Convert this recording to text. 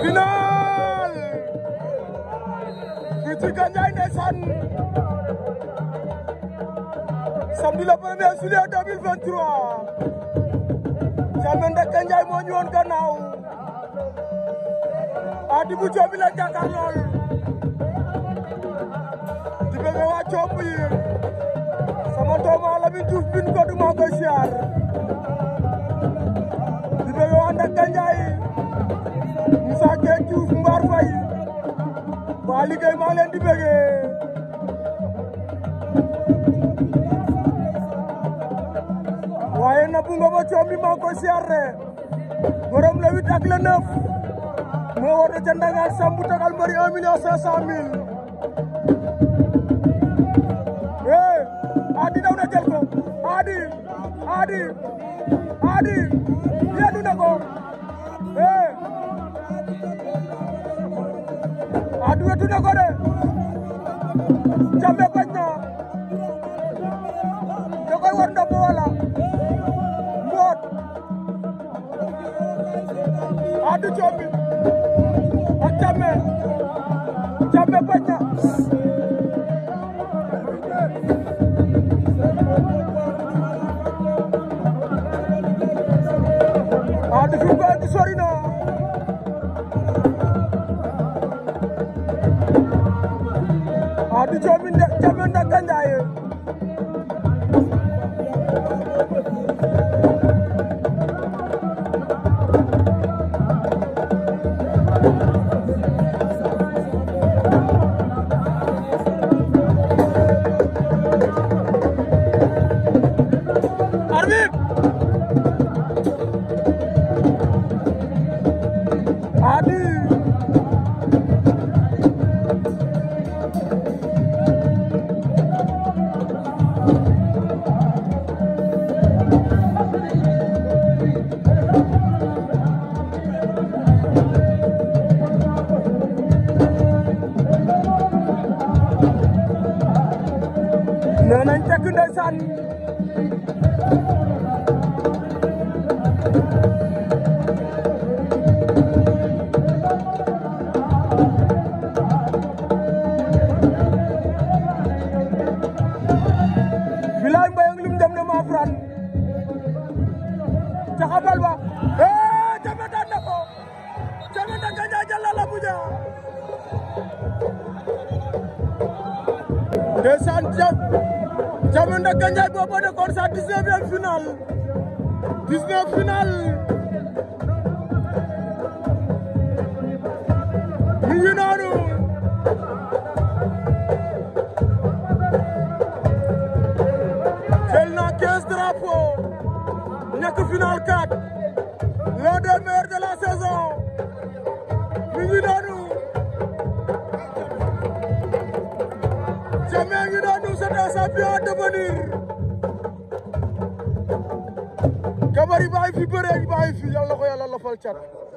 final fii ci Gandiaye ndeysaan samedi le premier juillet 2023 Diamène de Gandiaye moo ñu woon gannaaw a Dibou Diop la jàkkaarlool di bëgg waa ya? sama doomu alami Diouf bin ko mau maa koy siyaar di bëgg waa Gandiaye kan waa liggéey maa ngi leen di bëggee waaye na bu nga ma coom maa ngi koy siyaare borom le huit ak le neuf moo woote ca Ndangaan Sambu tagal mbëri un million cinq cent ee Adi daw na jël ko Adi Adi Adi yéen Adoura Touné ko de Jammeh bañ na da koy war ndomb wala mboot Adu Combi ak Jammeh Jammeh bañ na Adu fi mu ko sori na Communist nee nañ tekk ndeysaan bilaay mbay ak lum dem na maa furan taxabal ba eh jabata na ko jabata gaja jalla la buja ndeysaan jab Thiamène de Gandiaye Bobo Décor sa dix-neuvième final. dix-neuf finale mu ngi noonu jël na final drapeaux nekk finale l'un des meilleurs de la saison mu ngi noonu le champion devenir Kabary bàyyi fi bëree bàyyi fi yàlla ko yàlla lafal cat